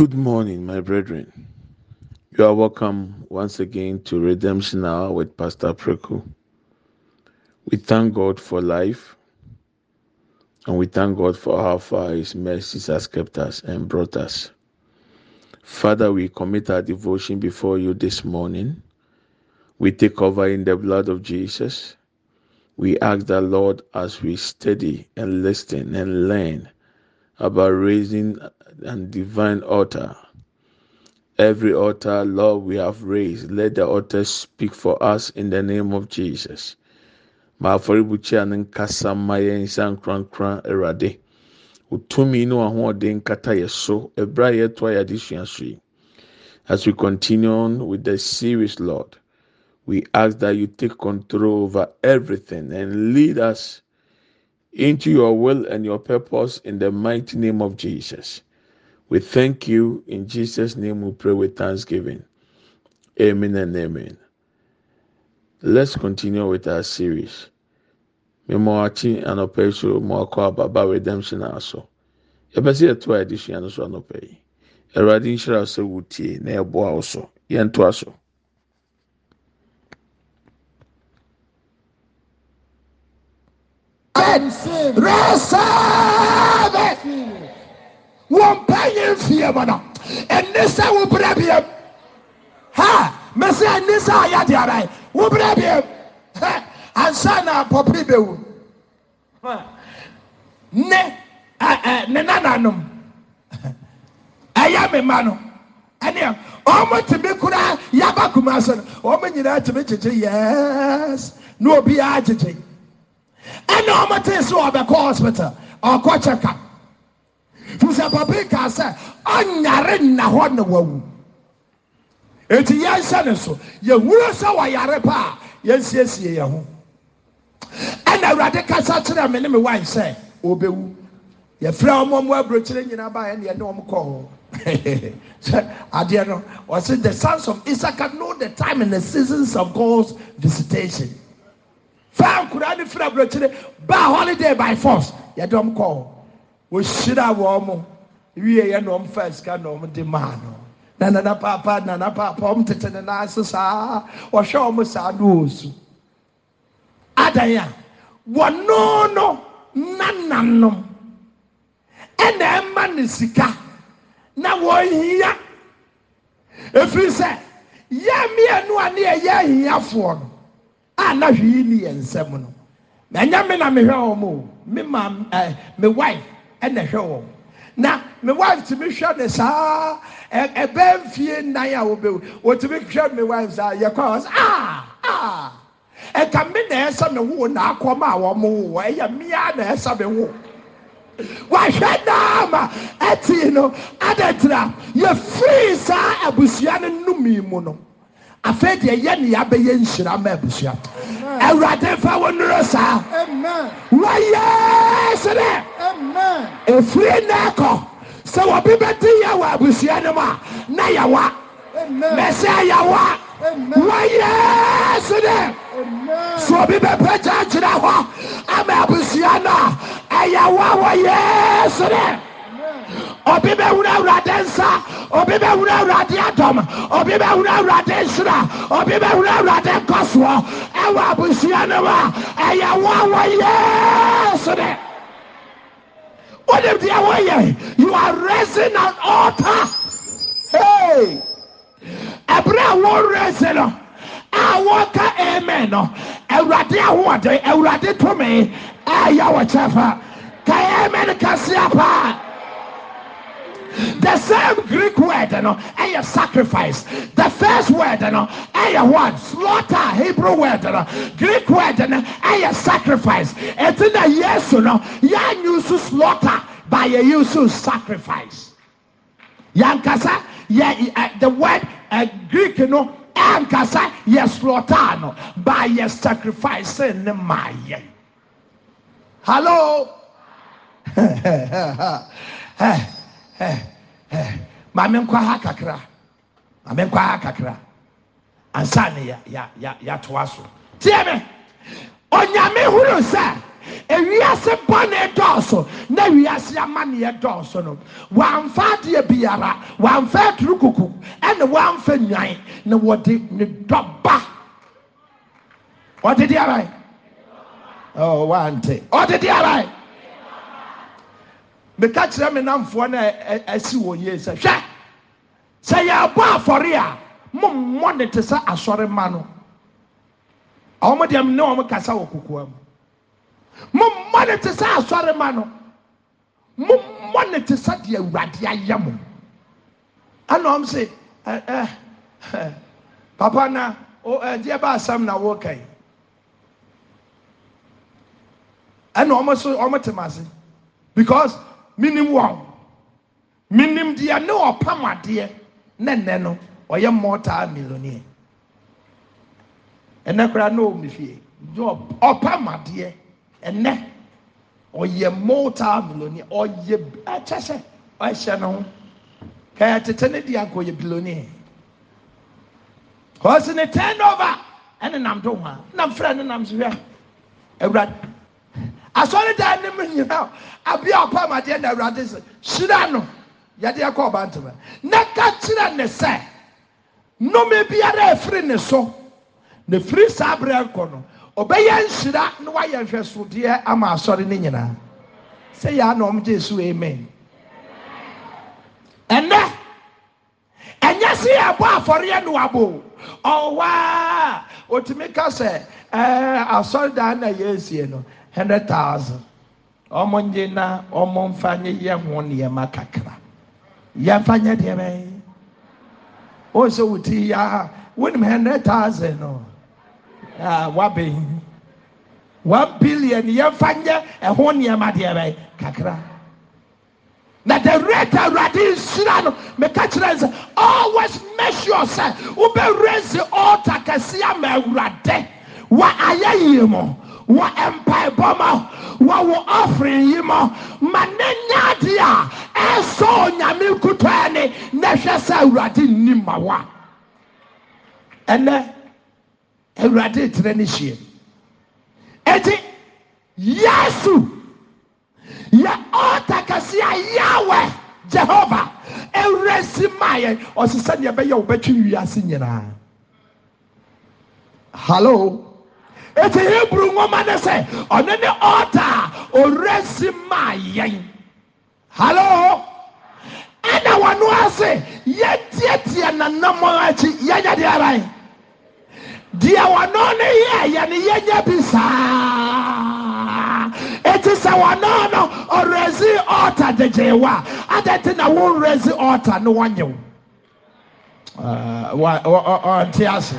Good morning, my brethren. You are welcome once again to Redemption Hour with Pastor Preku. We thank God for life and we thank God for how far His mercies has kept us and brought us. Father, we commit our devotion before you this morning. We take over in the blood of Jesus. We ask the Lord as we study and listen and learn about raising and divine altar. Every altar, Lord, we have raised, let the altar speak for us in the name of Jesus. ma afɔrebukyia nkasa maya yɛn nsa nkrankran awurade wotumi ne no nkata yɛ so ɛberɛ a yɛtoa yɛ as we continue on with the series lord we ask that you take control over everything and lead us into your will and your purpose in the mighty name of jesus we thank you. In Jesus' name we pray with thanksgiving. Amen and amen. Let's continue with our series. Memoachi anɔpɛ so mɔkɔ ababa redemption also. Yɛpɛ sɛ yɛtoa adesua no so anɔpɛ yi. Awurade nhyira sɛ wotie na yɛboa wo so. Yɛntoa so. Red, red, wɔmpɛ yɛ mfiem no ɛne sɛ woberɛ biam ha me sɛ nne sɛ ɔyɛ de arae wobrɛ biam ansa na pɔprɛ bɛwu ne ne nananom ɛyɛ me mma no ɛneɔ ɔmotemi koraa yɛba koma se no ɔma nyinaa tyemi kyegye yes na obiara kyegye ɛne ɔmotee sɛ wɔbɛkɔ hospital ɔkɔkyɛ kam firi sɛ papiri kaa sɛ ɔnyare na ho na wawu eti yɛnhyɛ ne so yɛwuro sɛ wɔyare paa yɛnsiesie yɛn ho ɛna awurade kasa kyerɛ me ne me wan sɛ ɔbɛwu yɛfrɛ wɔn wɔn aburokyire nyinaa baa ɛna yɛne wɔn kɔɔ hɔ sɛ adeɛ no ɔsi the sons of Issachar know the time and the seasons of God's visitation. Fa kura ni fira aburokyire Ba holiday by force yɛde wɔn kɔɔ hɔ. wɔhyire a wɔ mo wiɛ yɛ no ɔmfaa sika no ɔm de maa no na nana paapa nanapaapaa ɔmtete ne naase saa ɔhwɛ ɔ m saa no ɔ su adan a wɔno no na namnom ɛna ɛma no sika na wɔhia ɛfiri sɛ yɛ meɛno a ne yɛyɛ hiafoɔ no a nahwe yinni yɛ nsɛm no meanyɛ me na mehwɛ wɔ m o me ma mewae ɛnɛ hwɛ wɔ na me wife to mi hwɛ no saa ɛbɛmfie nnan a wobɛ wɔtumi hwɛ me wife saa yɛkwa hɔ ah, sɛ ah. ɛka me na ɛsɛ me woo naakɔ ma a wɔmowoɔ ɛyɛ meaa na ɛsɛ me woo wɔahwɛ daama ɛtee no ada tra mɛfirii saa abusua no nnomii mu no afei deɛ yɛ ne yɛ abɛyɛ nhyira ma abusua to awurademfa wo nnuro saa wɔ yɛ senɛ efire nɛ kɔ sɛ wɔbi bedi yɛ wɔ abusuanom a na yɛwa mɛ sɛ ayɛwa wɔ yɛ senɛ sɛ obi bepɛ kyankyerɛ hɔ ama abusua no a ɛyɛwa wɔ yɛ senɛ obi bɛwura awurade nsa obi bɛwura awurade adɔm obi bɛwura awurade nsira obi bɛwura awurade nkɔsoɔ ɛwɔ abusua no mu a ɛyɛ wɔwɔ yesu dɛ wonim deɛ woyɛ you are raising an altar hey ɛberɛ wo wɔrese no a wɔka amen no awurade ahoɔden awurade tumi ɛyɛ wɔ kyɛfa ka amen kɛseɛ paa the same Greek word and a sacrifice the first word and a what slaughter Hebrew word know, Greek word and a sacrifice the yes, you know, young use slaughter by a use sacrifice Young kasa Yeah, uh, the word uh, Greek you know, no ɛnkasa Yes, slaughter by a sacrifice in maa yɛn hello. Eh, eh, maame nkwa ha kakra maame nkwa ha kakra ansa ne ya ya ya yatoa so tie me onyame huru sɛ ewiase bɔne dɔɔso na ewiase amanneɛ dɔɔso no wɔamfa adeɛ biara wɔamfa aturu kuku ɛna wɔamfa nwan na wɔde ne dɔba ɔde deɛ abae ɔɔ oh, wɔante ɔde deɛ abae. meka kyerɛ me namfoɔ no asi wɔn yie sɛ hwɛ sɛ yɛabɔ afɔre a mommɔ ne te sɛ asɔre ma no ɔmo deɛ ne ɔmo kasa wɔ kokoa mu mommɔ ne te sɛ asɔre ma no mommɔ ne te sɛ deɛ awurade ayɛ mo ɛna ɔm se ɛɛ ɛɛ papa na ɛdeɛ ba asɛm na wɔka yi ɛna ɔmo so ɔmo te ma se because. menim wɔno menimdeɛ ne ɔpa maadeɛ ne nɛ no ɔyɛ moltaa miloneɛ ɛnɛ koraa ne ɔɔmune fie ɔpa ma adeɛ ɔnɛ ɔyɛ moltaa meloneɛ yɛkyɛhyɛ ɔhyɛ no ho kayɛtetene di ankaɔyɛ bloniɛ ɔ si ne tɛnnoɔba ɛne nam do ho a nam frɛ ne namo hwɛ a awurade asɔredan ne mu nyinaa abia apam adeɛ na awurade sɛ hyira no yɛde ɛkɔ ɔba ntoma na ka kyerɛ ne sɛ nnome biara efiri ne so na firi saa abirɛ nkɔ no ɔbɛyɛ nhyira na wayɛ nhwɛsodeɛ ama asɔre ne nyinaa sɛ yɛa na ɔmo gye so amen ɛnɛ ɛnyɛ sɛ yɛbɔ afɔreɛ no wabo ɔwaa otumi ka sɛ ɛɛ asɔredan na yɛesie no. hundred thousand wɔn nye na wɔn nye yɛ ho nneɛma kakra yɛmfa nye deɛ bɛyɛ o sɛ o ti yɛ ha wɔnim hundred thousand a ah, wabɛn one billion yɛmfa nye ɛho e nneema deɛ bɛyɛ kakra na the rate awurade nsira no meka kyerɛ sɛ always make sure sɛ wobɛ raise altar kɛseɛ ama awurade wɔ ayɛyie mu. wɔ ɛmpae bɔ mɔ wɔwo ɔfren yimmɔ ma n'ɛnadeɛ a ɛsɔɔ e nyame kutɔɛ ne na ɛhwɛ sɛ awurade nni ma wo a ɛnɛ awurade tirɛ no hyie ɛti yesu yɛ ɔtakɛse a yɛ wɔ gyehova awurasi maayɛ ɔse sɛne ɛ bɛyɛ wo bɛtwe wiase nyinaa halo ɛti hibru woma ne sɛ ɔno ne ɔɔta a ɔwra si maa yɛn haloo ɛna wɔno ase yɛdeatia nannɔmmɔakyi yɛnyadeɛ bae deɛ wɔnɔɔ no yɛɛ yɛ ne yɛnya bisaa ɛti sɛ wɔnoɔno ɔwurɛsi oɔta dagyeewa a adɛ te na wowerɛ si ɔɔta ne wɔnyew ɔnte ase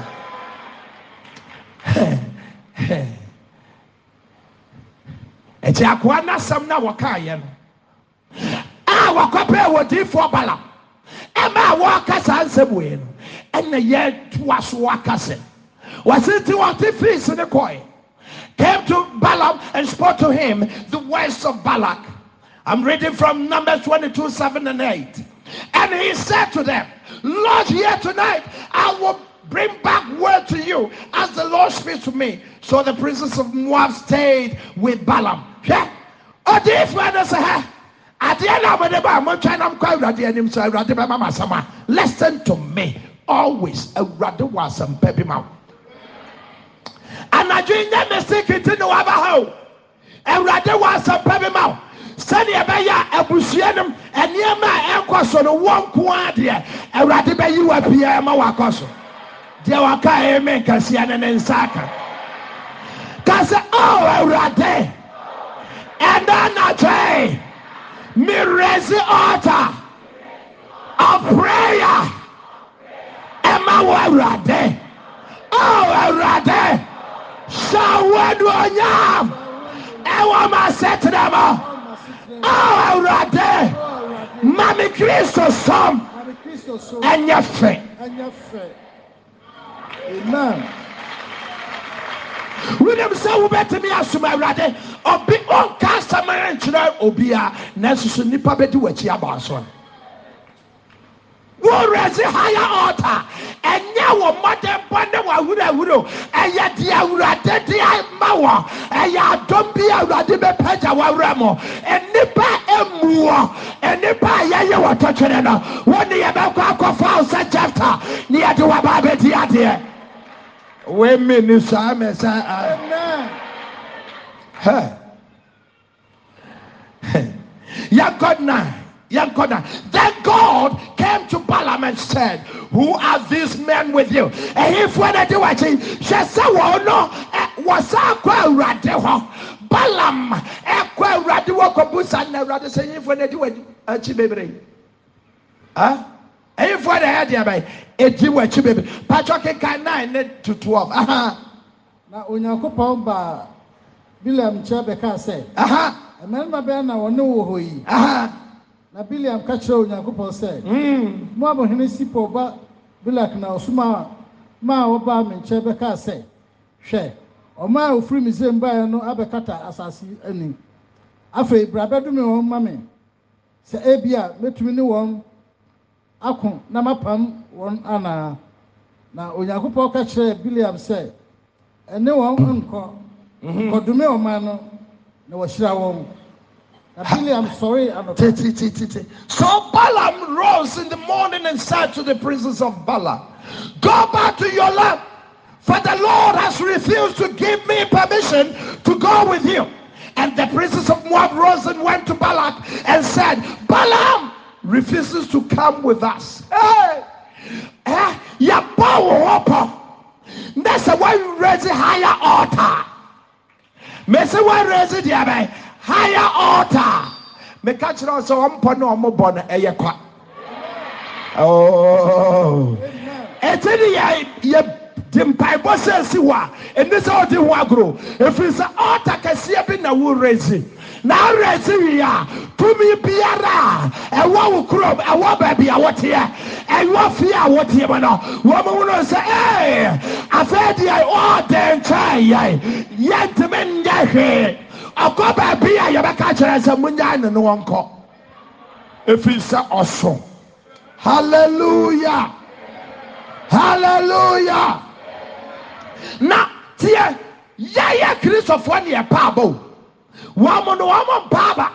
ɛkyɛ akoa n'asɛm na wɔkaayɛ no a wɔkɔpɛɛ wɔ diifoɔ bala ɛma a wɔɔka saa nsɛm and no ɛna yɛatoa so aka sɛ wɔse nti wɔte fees ne kɔe came to Balaam and spoke to him the words of Balak. I'm reading from Numbers 22, 7 and 8. And he said to them, Lord, here tonight I will bring back word to you as the Lord speaks to me. So the princes of Moab stayed with Balaam. Yeah. Oh, dear father, eh? sir. adeɛ na wɔde ba a motwa nam kɔ awurade I'm awurade bɛma m asɛm a listen to me always awurade wɔ asɛmpa bi ma wo anadwo nyɛ mistake nti ne waba ha o awurade wɔ asɛmpa bi ma wo sɛdeɛ ɛbɛyɛ a abusua nom nneɛma a ɛnkɔ so no wɔn nko adeɛ awurade bɛyi wa pii ɛma wakɔ so deɛ waka amen kɛseɛ no ne nsa aka ka sɛ ao oh, awurade ɛda natwɛe meresi altar of prayer ɛma wo awurade ao oh, awurade hyɛ woaduonyam ɛwɔ ma sɛterɛ mɔ ao oh, awurade ma me kristo ɛnyɛ fɛ amen wonim sɛ wobɛtumi asom awurade obi ɔnka asɛm nkyerɛ obia nanso so nnipa bɛdi w'akyi abaaso worɛsi higher altar ɛnyɛ wɔ mmɔdɛmbɔ ne and ɛyɛ deɛ awurade deɛ and ya don't be a radi be peja wa ramo and nipa emuo and nipa yeah, ye wa tochere na woni ya ba kwa kwa fa usa chapter ni ya di wa ba be di ya di we me ni sa Hey. Hey. amen god na Young God, then God came to Parliament and said, Who are these men with you? And if when I do what she said, Well, no, wɔsa akɔ awurade hɔ balam ɛkɔ awurade wɔ kɔbusa na awurade sɛ nyinfoɔ na adi w'akyi akyi bebree ha ɛyinfoɔ na ɛyɛ deɛ bɛyɛ edi w'akyi bebree patro keka nine ne to twelve na onyankopɔn baa biliam nkyɛn bɛka sɛ mmarima bɛyɛ na wɔne wɔ hɔ yi na biliam ka kyerɛ onyankopɔn sɛ hmm. mo abɔhene sipɔ ba bilak na ɔsoma maa wɔbaa me nkyɛn bɛka sɛ hwɛ. ɔman a ofiri misiri mbaeɛ no abɛkata asase ani afei brabɛdome wɔn ma sɛ ebi a metumi ne wɔn ako na mapam wɔn anaa na onyankopɔn ka kyerɛ biliam sɛ ɛne wɔn nkɔ mhm. nkɔdome ɔman no na wɔhyira wɔn. Billiam, sorry, so Balaam rose in the morning and said to the princess of Bala, Go back to your land For the Lord has refused to give me permission to go with you. And the princes of Moab rose and went to Balak and said, Balaam refuses to come with us. Hey! Eh? That's why we raise a higher altar. Mese why raise the higher altar. Me catch now so I'm pon no more born a year. Oh, it's in the de mpaebɔsɛasi wɔ a ɛnne sɛ wodi ho agoro efii sɛ ɔtakɛseɛ bi na wo werɛsi na owerɛsi wie a tumi biara a ɛwɔwo korom ɛwɔ baabia woteɛ ɛyɔ fie a woteɛ ma nɔ wɔmowono sɛ afɛi deɛ ɔɔde nkyɛɛyɛe yɛte me nyɛ hwee ɔkɔ baabi a yɛbɛka kyerɛ sɛ monyan ne no wɔnkɔ ɛfii sɛ ɔso haleluya haleluya na teɛ yɛyɛ kristofoɔ ne yɛpa abɔ o wɔn mo no wɔn mo mpaaba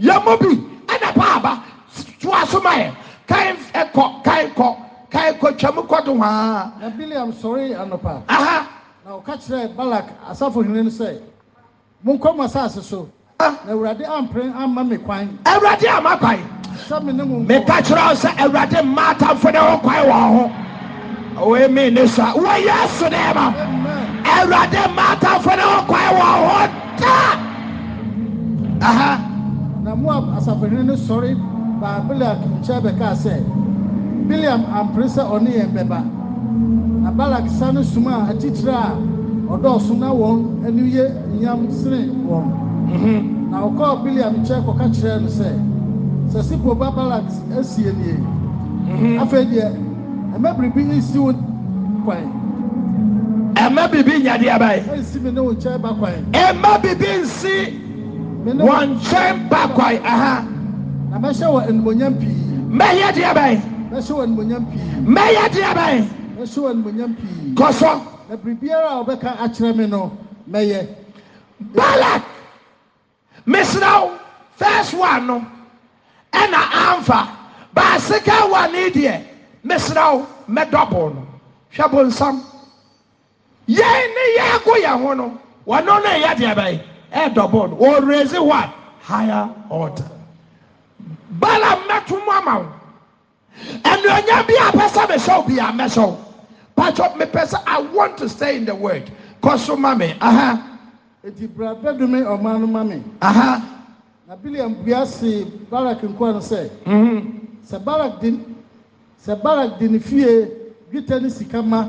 yɛn mo bi ɛna paaba to asoma yɛ kan ɛkɔ kan kɔ kan kɔ twɛm kɔ do hwaa. na biliam sori anɔpa. na ɔka kyerɛ balak asafo hene sɛ mo nkɔ mo asase so. Ah. na awurade ampere ama mi kwan. awurade ama kwan. sɛ mi ne mo nkɔ. meka kyerɛ sɛ awurade mmaa atamfo ne ho kwan wɔ ho. wee mee ne so a wɔyɛ asene ma awurade mmaatafo ne ho kwae wɔ hɔ taa aha na moab asafohene no sɔre baa biliam nkyɛn bɛkaa sɛ biliam ampere sɛ ɔne yɛn bɛba na balak sa suma a atitire a ɔdɔɔso na wɔn ani yɛ nyam sene wɔn na ɔkɔɔ biliam nkyɛn kɔka kyerɛɛ no sɛ sɛ sipo ba balak asie nie mhm. afei deɛ ɛmɛ biribi nsi wo kwan. ɛmɛ biribi nyadeɛ ba yi. ɛnsi mi ne wo nkyɛn ba kwan. ɛmɛ biribi nsi wɔn nkyɛn ba kwan aha. na mɛhyɛ wɔ enumonyam pii. mɛyɛ deɛ ba yi. mɛhyɛ wɔ enumonyam pii. mɛyɛ deɛ ba yi. mɛhyɛ wɔ enumonyam pii. kɔsɔ. na biribiara a wɔbɛka akyerɛ mi no mɛyɛ. balak mesiraw first one no ɛna anfa baasika wa ne deɛ. meserɛ wo mɛdɔble no hwɛ bonsam yɛi ne yɛgo yɛ ho no wɔno no ɛyɛ deɛ bɛyɛ ɛɛ dɔble no ɔwure zi what higher orde balam mɛtom ama wo ɛnuɔnyam bi a pɛ sɛ mɛsɛw bia mɛsɛw patɔ mepɛ sɛ i want to sta in the word kɔ so mame aha ɛnti bra bɛdume ɔma no ma me aha na bileam bua see barak nkoa no sɛ mhm. sɛ barak din sɛ barak de ne fie dwetɛ ne sika ma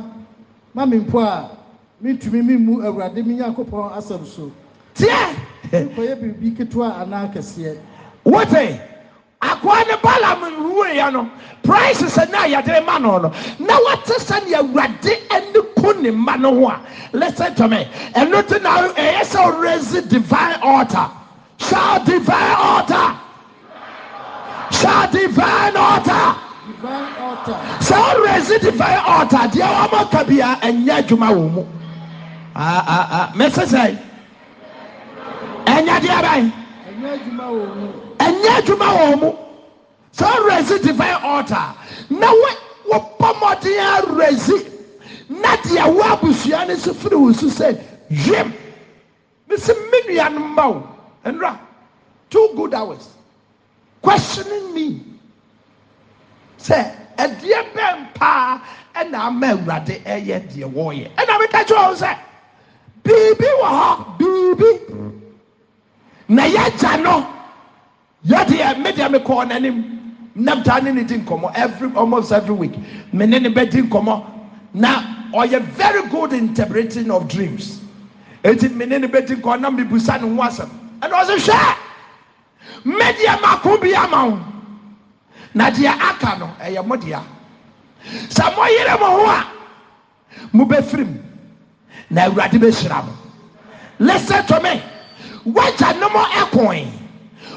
ma mi mpo a mintumi mimu awurade mi nyankopɔn asɛm so Tia. nkɔyɛ biribi ketewa anaa kɛseɛ wote akoa ne balam nwuiɛ no price sɛ na yɛde ma no no na wate sɛ ne awurade ani ko ne ma no ho a listen to me ɛno te na ɛyɛ sɛ ɔresi divine altar shall divine altar shall divine altar sɛ orerɛ zi divine orda deɛ waamɔ ka bia ɛnyɛ adwuma wɔ mu mese sɛe ɛnyɛ deabae ɛnyɛ adwuma wɔ mu sɛ wowurɛ zi divine ortar ah, ah, ah. eh? a na wɔbɔ mmɔden awerɛ zi na deɛ wɔ abusua ne su firɛ wo su sɛ wwem mesi me nuanomma wo no nra two good hours questioning me sɛ ɛdeɛ bɛn paa ɛna ama awurade ɛyɛ deɛ And ɛna am kyerɛ wɔn sɛ biribi wɔ hɔ biribi na yɛgya no yɛdeɛ me deɛ mekɔɔ n'anim nam taa ne ne di nkɔmɔ every almost every week me ne ne bɛ di nkɔmɔ na ɔyɛ very good interpreting of dreams eti me ne ne bɛ di nkɔmɔ na me busa ne ho asɛm ɛna ɔsɛ hwɛ me deɛ mako bi ama na deɛ aka no ɛyɛ mo dea sɛ moyere mo ho a mobɛfiri na awurade bɛhyira mo listen to me wagya no mo ɛkoe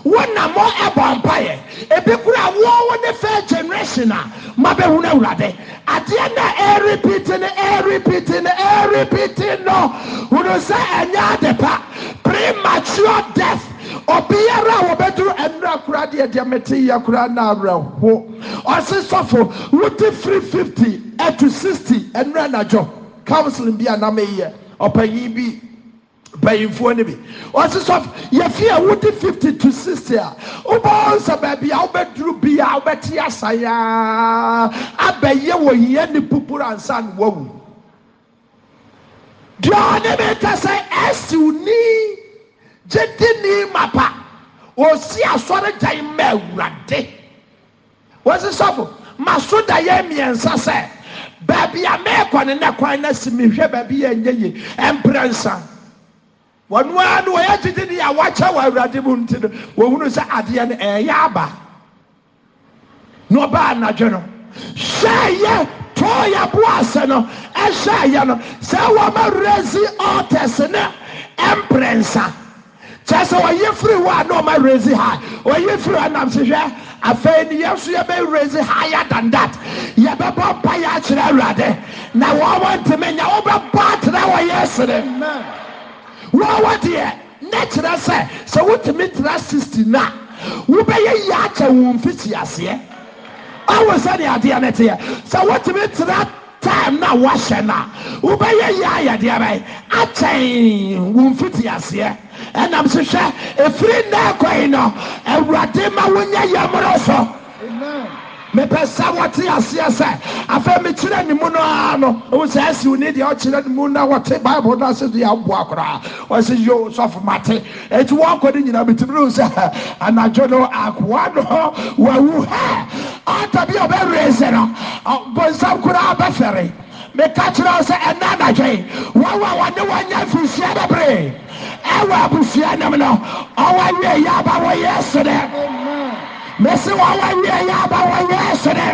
wona mo ɛbɔ mpaeɛ ebi kura wɔwɔ ne fɛ generation a ma bɛhu no awurade adeɛ na ɛrepiti no ɛrepiti no ɛrepiti no hunu sɛ ɛnyɛ ade pa premature death obiara a wɔbɛduru ɛnura kura deɛ deɛ mete yɛ kura na awerɛho ɔsi sɔfo wuti firi fifty ɛtu sixty ɛnura nadwo counseling bi a nam eyɛ ɔpanyin bi mpanyinfoɔ no bi ɔsi sɔfo yɛfi a wuti fifty to sixty a wobɔ nsa baabi a wobɛduru bi a wobɛte asayaa abɛyɛ wɔ yɛ ne pupuru ansa ne wawu deɛ ɔne mi ɛsiw nii. gyedini eh, e ma pa osi asɔredane ma awurade woasi sɛpo ma so da yɛ mmiɛnsa sɛ babi a mɛɛkɔne no kwan no simehwɛ baabi a yɛ ye mprɛ nsa wɔano ara no wɔyɛgyedini a wɔkyɛ w awurade mu nti no wɔhunu sɛ adeɛ no ɛɛyɛ aba na ɔbaa nnadwe no hwɛyɛ tɔɔ yɛboase no ɛhwɛyɛ no sɛ wɔmawerɛsi ɔntese ne ɛmprɛ nsa kyɛ sɛ ɔyɛ firi hɔ a na raise high ɔyɛ firi hɔ nam se hwɛ afei ni yɛn so yɛbɛ raise higher than that yɛbɛbɔ mpa yɛ akyerɛ awurade na wɔn wɔn ntoma nya wɔbɛbɔ akyerɛ wɔ yɛ sere wɔn wɔ deɛ ne kyerɛ so what wotumi tena sixty na wobɛyɛ yɛ akyɛ wɔn mfiti aseɛ awo sani adeɛ ne teɛ sɛ wotumi tena time na wɔahyɛ na wobɛyɛ yɛ ayɛdeɛ bɛyɛ akyɛn wɔn mfiti aseɛ. ɛnam so hwɛ efiri nnɛ kɔi no awurade ma wonyɛ yɛmoro so mepɛ sɛ wɔte aseɛ sɛ afei mekyerɛ ne mu no a no ɛwu sɛ asiw ne deɛ ɔkyerɛ ne mu na wɔte bible no ase deɛ aboa koraa ɔse yo sɔfo mate ɛnti wɔnkɔ ne nyina metumi no sɛ anadwo no akoa no wawu hɛ ɔta bi a ɔbɛwerɛ sɛ no bonsam koraa bɛfɛre meka torɛ sɛ ɛnanakwɛe wɔwa wɔne wɔnyɛ fisua bɛ bere ɛwaabusuanam no ɔwɔweɛ yaba wɔyɛ serɛ me se wɔwɔweɛ yaba wɔyɛ serɛ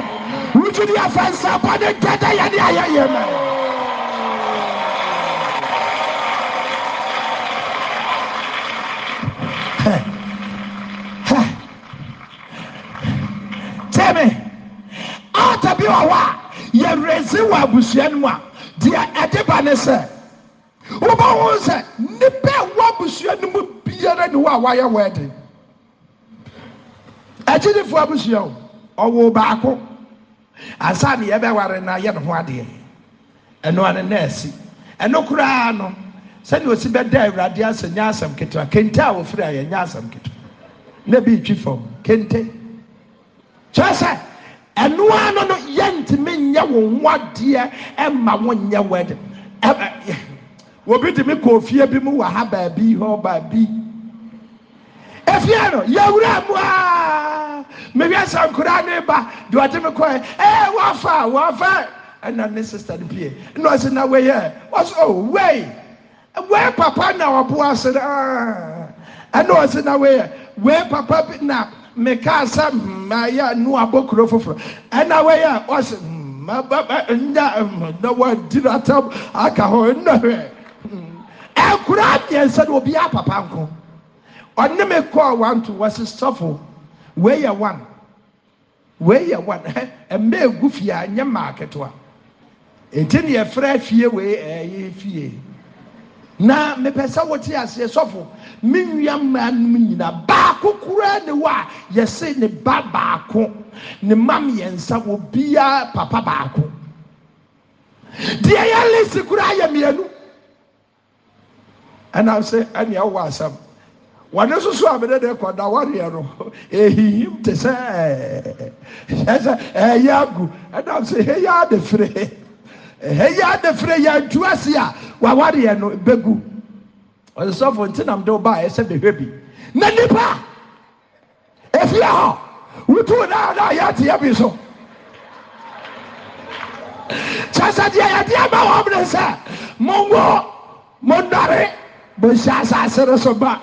wutude afa nsakɔ ne dada yɛne ayɛyɛma tme aɔtɔ bi wɔwɔa yɛwerɛsi wɔ abusua no mu a deɛ ɛde ba ne sɛ wobɛhu sɛ nnipa ɛwɔ abusua no mu biara ne wɔ a wayɛ wɔ ɛde agyinifoɔ abusua o ɔwɔ baako ansa ne yɛbɛware na yɛ ne ho adeɛ ɛno ano na ɛsi ɛno koraa no sɛdeɛ osi bɛda awurade asɛ nyɛ asɛm ketewa kente a wɔfiri ayɛ nyɛ asɛm ketewa na bi retwi fam kente kyerɛ sɛ ɛnoa no no yɛntumi nyɛ wo ho adeɛ ɛma wo nyɛ wedding ɛɛ obi tumi kɔ fie bi mu wɔ ha baabi hɔ baabi efie no yɛwura mu aa mewia sankora ne ba deɛ ɔde me kɔɛ ɛɛ wafa wafa ɛna ne sista no pie ɛna ɔsi na weyɛ ɔsi o wei wei papa na ɔboa ase ɛna ɔsi na weyɛ wei papa bi na mekaa sɛ mmaayɛ a nu abokuro foforɔ ɛna wɔyɛ a wɔsɛ mmababa nya mm, na wɔadiri atam aka hɔ nnɔhwɛ mm. ɛkura mmiɛnsa no obi apapa nko ɔne me kɔɔ one to wɔsi sɔfo wɔyɛ one wɔyɛ one ɛ mmaa egu fie nye mmaa ketewa eti ne yɛfrɛ fie wɔ ɛyɛ fie. na mepɛ sɛ aseɛ sɔfo me nwia mmaa no mu nyinaa baako koraa ne wo a yɛse ne ba baako ne ma mmiɛnsa wɔ biara papa baako deɛ yɛ lesi koraa yɛ mmienu ɛnam sɛ ɛnea wowɔ asɛm wɔne soso a mede de kɔda wɔreɛ no ɛhihim te sɛ ɛyɛ agu ɛnam sɛ hɛyɛ adefire ɛyɛ adefere yɛ adu ase a wawareɛ no bɛgu ɔsɔfo nti nam de ba ɛsɛ bɛhwɛ bi na nipa efie hɔ wotu naa naa yɛ ateɛ bi so kyasadeɛ yɛde ama wɔn ne sɛ mongo mondare bɛhyɛ asase no so ba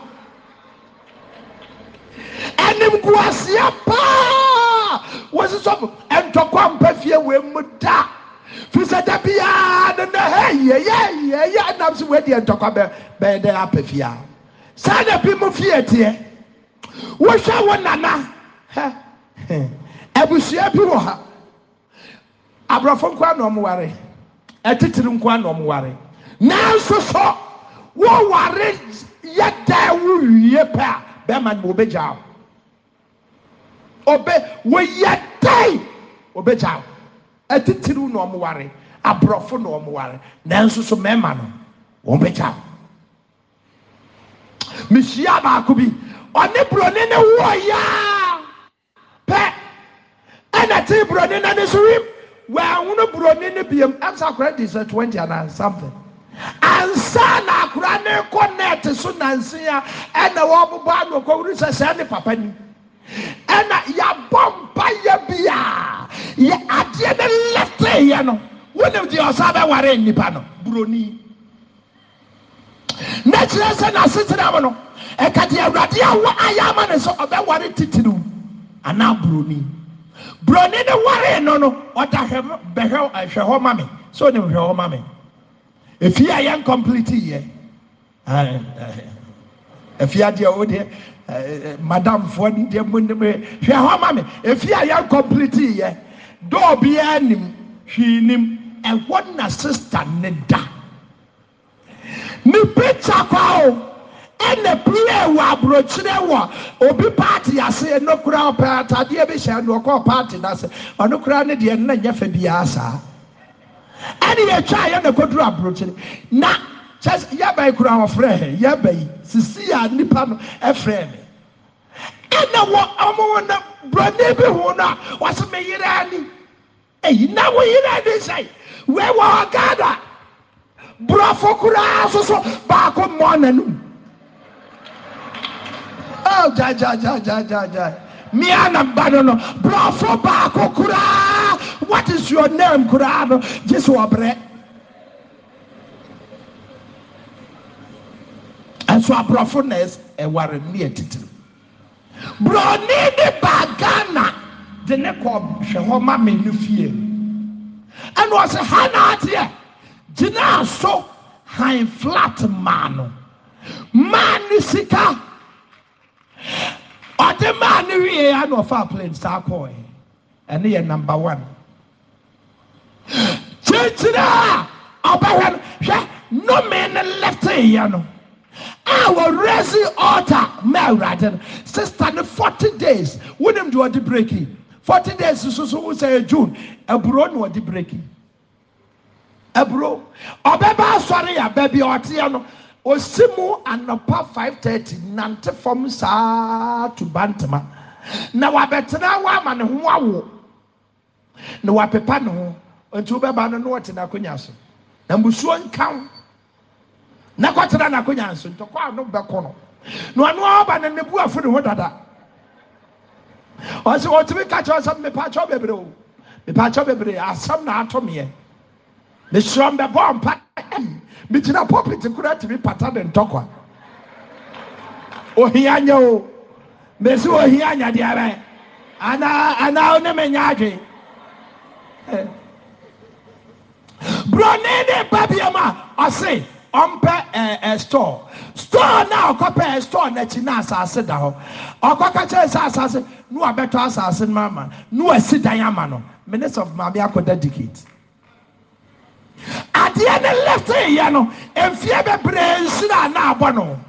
animguaseɛ paa wɔsi sɔfo ntɔkwa mpa fie wɔ mu daa fisa da biara no ye ye yɛyɛ yɛ nam so wɔadi ntɔkwa bɛ bɛyɛ dɛ apɛ fia saa na bi mu fie teɛ wohwɛ wo nana abusua bi wɔ ha aborɔfo nko ana ɔmoware ɛtetiri nko ana ɔmoware nanso so woware yɛ dan wu wie pɛ a bɛrima no wɔbɛgya wo ɔbɛ wɔyɛ dan wɔbɛgya wo atitiriw no ɔmware abrɔfo no ɔmware nanso so mema no ɔpɛya mehyia baako bi ɔne broni no woɔ yaa pɛ ɛna tee brone none nso rim wawono broni no biam ɛmsaakrad sɛ20 ns ansa na akora ne kɔnnet so nansena ɛna wɔbobɔanokɔwr sɛ sɛ ne papa nim ɛna ɔsan bɛware nipa no buroni na kyerɛ na n'asetena mu no ɛka deɛ awurade awɔ ayɛ ama ne so ɔbɛware titiriw anaa buroni buroni ne ware no no ɔda hwɛ bɛhwɛ ɛhwɛ hɔ ma so ne hwɛ hɔ ma efi a yɛn kɔmpliti yɛ efi a deɛ o deɛ madamfoɔ ni deɛ mo ne mo hwɛ hɔ ma efi a yɛn kɔmpliti yɛ dɔɔ biara nim hwii nim. ɛwɔ na sista ne da ne picture kwa o ɛna plie wɔ aburokyerɛ wɔ obi paati ase enokura ɔpɛ atadeɛ bi hyɛ no ɔkɔ paati n'ase ɔnokura ne deɛ nna nyɛ fɛ biara saa ɛna yɛ twa yɛ na koduru aburokyerɛ na kyɛ yaba yi kura ɔfrɛ hɛ yaba yi sisi a nipa no ɛfrɛ mi ɛna wɔ ɔmo na buroni bi hu na a wɔsɛ mi yere ani eyi na wo yere ani sɛn. wɛwɔ ɔgada borɔfo koraa soso baako mmɔnanom gyaaa oh, meana ba no no borɔfo baako koraa wate suonam koraa no gye sɛ ɔbrɛ ɛnso aborɔfo nes ɛware meatitiri borɔne ne bagana de ne kɔ hwɛ hɔ mame no fie ɛna ɔsɛ ha n'adeɛ gyina so han flat maa no maa ne sika ɔde maa ne wie ya na ɔfa plane saa kɔɛ ɛne yɛ number one kyerɛkyerɛ a ɔbɛhwɛ no hwɛ nnome ne left yɛ no a wɔresi altar mɛ awurade no sista ne forty days wunim deɛ ɔde break yi. forty days soso wo sɛ june aburo na ɔde breki aburo ɔbɛba asɔre yɛ baabi a ɔteɛ no osi mu anapa five thirty nante fam saa tuba ntoma na wabɛtena ama ne ho awo na wapepa ne ho nti wobɛba no na wɔte n'akonnwa so na mmusuo nka ho na kɔtena n'akonnwa so ntɔkwa ano bɛkɔ no na ɔno ɔba no ne bu afo ne ho dada. osotimi katesɛ mepa tɔ bebreo mepatɛ bebre asɛm no atomiyɛ me srombɛ bompa megina popite kora timi pata de ntɔkwa ohia nyɛo mɛsi o hia anya deɛmɛ anao ne menyade eh. bro nene babioma ɔse ɔmpɛ ɛɛ eh, eh, store store na ɔkɔpɛ ɛ eh, store n'akyi na asase da hɔ ɔkɔka kyerɛ sɛ asase nu abɛtɔ asase no ama nu asi dan ama no minutes of maame akɔda dikit adeɛ ne lɛfte yɛ no mfie bebree nsira na abɔ no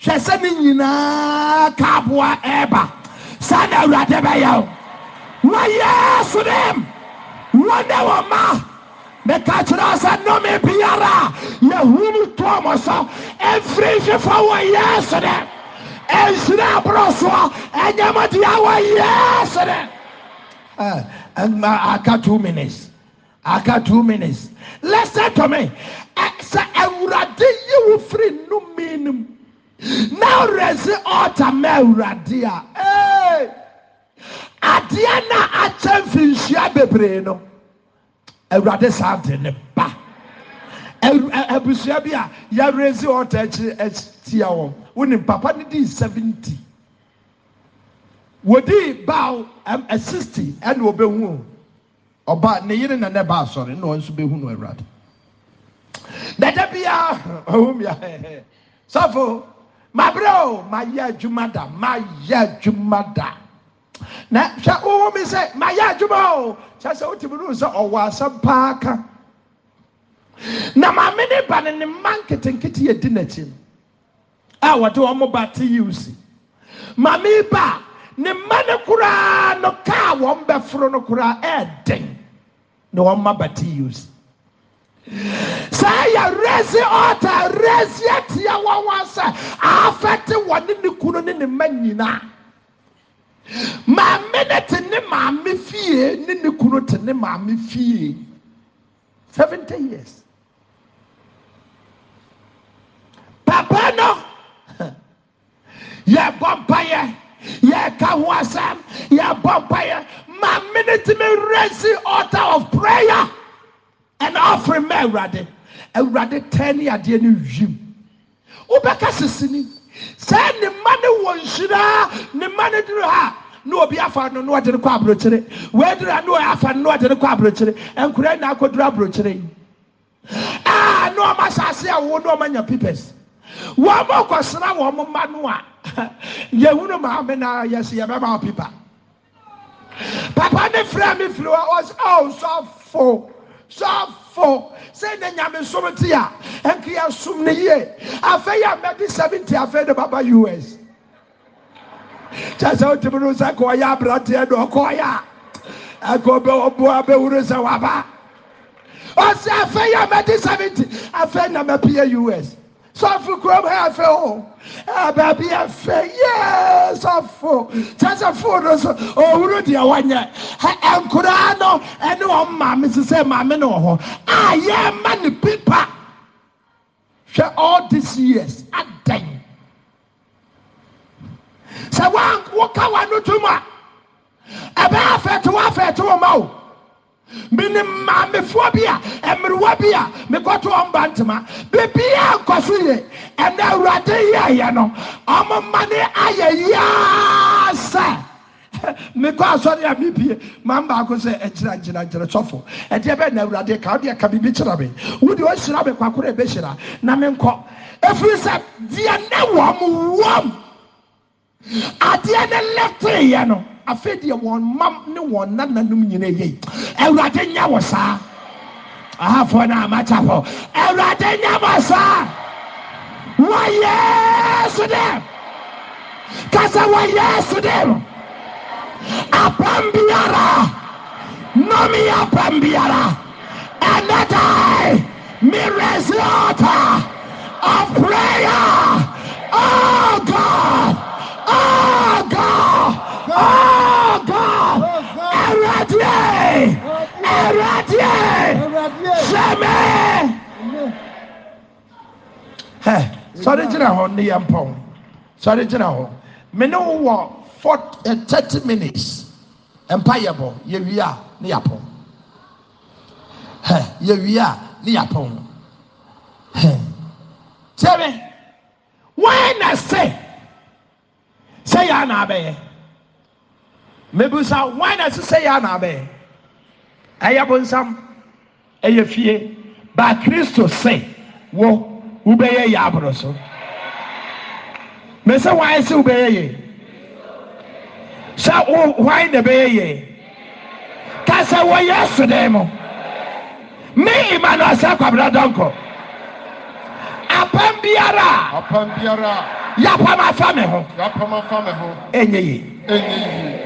hwɛ sɛ ne nyinaa kaaboa ɛɛba saa na awurade bɛyɛ o wɔyɛ sonem wɔne wɔn ma. neka kyerɛ sɛ nome biara a yɛhum tɔmo so ɛmfirinhwefa wɔ yɛ senɛ ɛnhyira aboro soɔ ɛnyɛ mɔdea wɔ yɛɛ senɛ eh, m aka tu minuts aka tu minuts lɛsɛtome eh, sɛ awurade yiwo firi nno meenom eh! na ɔwerɛsi ɔta ma awurade ae adea na akyɛ mfi nhua bebree no awurade saa de ne ba abusua bi a yɛrezi ɔta akyi atia wɔn wɔn papa ne di seventy wodi baaw ɛm sixty ɛna ɔbɛhu ɔbaa ne yere na ne ba asɔre na ɔnso bɛhu no awurade dada bia ɔhum ya sɔfo mabrɛ o ma yɛ adwuma da ma yɛ adwuma da. na hwɛ wohome sɛ mayɛ adwoma o kyɛ sɛ wotemi no mu sɛ ɔwɔ asɛ mpaa ka na mamene ba ne ne ma nketenkete yɛdi nakyi n a wɔde ɔmɔ ba te ws mameeba a ne ma ne koraa no kaa wɔm bɛforo no koraa ɛɛden ne ɔmma ba te uws saa yɛ erɛse ɔtaa erɛse ateɛ wɔwa sɛ aafɛ te wɔne no kunu ne ne ma nyinaa maame ne te ne maame fie ne no kunu te ne maame fie s0 years pɛpɛ no yɛ bɔ mpaeɛ yɛka ho asɛm yɛ bɔmpaeɛ ma mene teme rɛsi ortor of prayar ana oferen ma awurade awurade t0ne adeɛ no wim wobɛka sesini sɛ ne ma ne wɔ nhyiraa ne ma ne duru ha na obi afa no na ɔde no kɔ aburokyire wɛdura na ɔafa no na ɔde ah, no kɔ aburokyire nkura na akɔdura aburokyire a na ɔma asase a wɔwɔ na ɔma nya pipɛs wɔn mo kɔsra wɔn mma no a yɛhunu maame na yɛsi yɛ bɛma pipa papa ne fira mi firi hɔ ɔsi ɔn sɔfo sɔfo sɛ ne nyame som ti a nkeya som ne yie afɛ yɛ mɛdi seventy afɛ de baba us. kyɛ sɛ wotimino sɛ kɔ ɔyɛ abrateɛ dɔ ɔkɔɔyɛa ɛkɔ ɔbɛɔboa bɛwuro sɛ waba ɔsɛ afɛ yɛ madi seventy afɛi na mapiɛ us sɔmfo kurom hɛ afe ho ɛbaabi fɛ yɛ sɔfo kyɛsɛ foo no so ohuro deɛ wɔnyɛ ɛnkoraa no ɛne ɔm maame se sɛ mmaa me ne wɔ hɔ a yɛr ma ne bipa hwɛ aldysus woka w'anoto mu a ɛbɛyɛ afɛɛte wo afɛɛte wo ma wo mene maamefoɔ bi a mmerewa bi a mekɔto wɔn ba ntoma biribiara nkɔ so yie ɛnna awurade yɛɛyɛ no ɔmoma ne ayɛ yaa sɛ mekɔ asɔre a mebie mam baako sɛ agyina gyina sɔfo ɛdeɛ bɛ na awurade ka wodeɛ ka biribi kyerɛ me wode ɔhyira me kwakoro ɛbɛhyira na menkɔ ɛfiri sɛ deɛ ne wɔm wɔm adeɛ ne lɛtereyɛ no afei deɛ wɔn mma ne wɔn nananom nyina ɛyei awurade nyɛ wɔ saa ahafoɔ no a makyɛ fo awurade nyɛ wɔ saa wɔyɛɛ sode kasɛ wɔyɛ sode m abran biara na meyɛ abram biara anadae me resulta of praya ago oh weɛm sɔ re gyina hɔ ne yɛ mpɔho sɔre gyina hɔ me ne wowɔ t0 eh, minutes mpa yɛbɔ yɛwie a ne yapɔ yɛwie a ne yɛpɔhoyɛme na sɛ sɛ yɛ ana abɛyɛ mebusa wɔn na ɛsɛ sɛ na ana abɛyɛ ɛyɛ bonsam ɛyɛ fie ba kristo sɛ wɔ wobɛyɛ yɛ aboro so mɛsɛ wɔn ayɛ sɛ wobɛyɛ yɛ sɛ wo wɔn na ɛbɛyɛ yɛ kasɛ wɔyɛ sodan mu me emmanuel sɛ kwabena dɔnkɔ apam biara apam biara. yàpam afa mi ho yàpam afa mi ho enye yi enye yi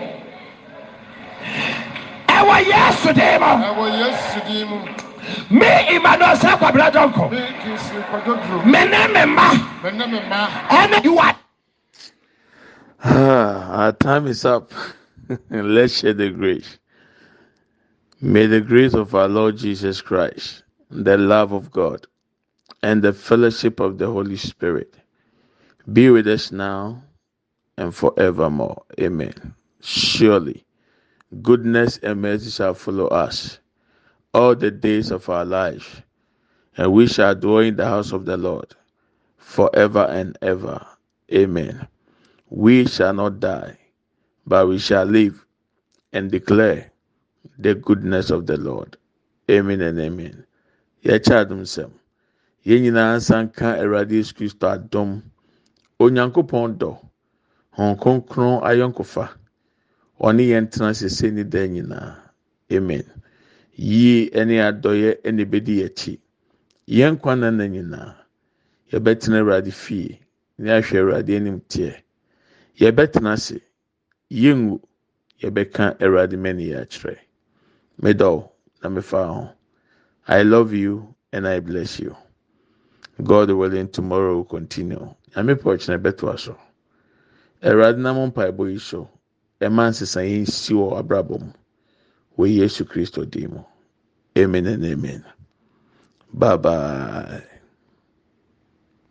ẹwọ yẹsu dín mu ẹwọ yẹsu dín mu mi emmanuel sẹ kwabla dọnkọ mi kìsì kwadó duro mi ní mi ma mi ìwà. Ah, our time is up. Let's share the grace. May the grace of our Lord Jesus Christ, the love of God, and the fellowship of the Holy Spirit be with us now and forevermore. Amen. Surely, goodness and mercy shall follow us all the days of our life, and we shall dwell in the house of the Lord forever and ever. Amen. We shall not die, but we shall live and declare the goodness of the Lord. Amen and amen. Yɛkyɛ adom sɛm. Yɛn nyinaa nsa nka Awurade Yesu Kristo onyankopɔn dɔ pondo, kronkron ayɔnkofa ɔne yɛn tena sese ne dan nyinaa amen yie ɛne adɔyɛ ɛna ebedi akyi yɛn nkwa nana nyinaa yɛbɛtena awurade fie ne ahwɛ awurade anim teɛ yɛbɛtena ase yɛngu yɛbɛka awurade mɛni yɛ akyerɛ medɔw na mefa ho i love you and i bless you god willing tomorrow will continue. Ame pɔnkye na ɛbɛto aso awurade nam mpaebɔ yi so ɛma nsesa yɛn si wɔ abrabɔ mu wɔ yesu kristo din amen and amen bye bye.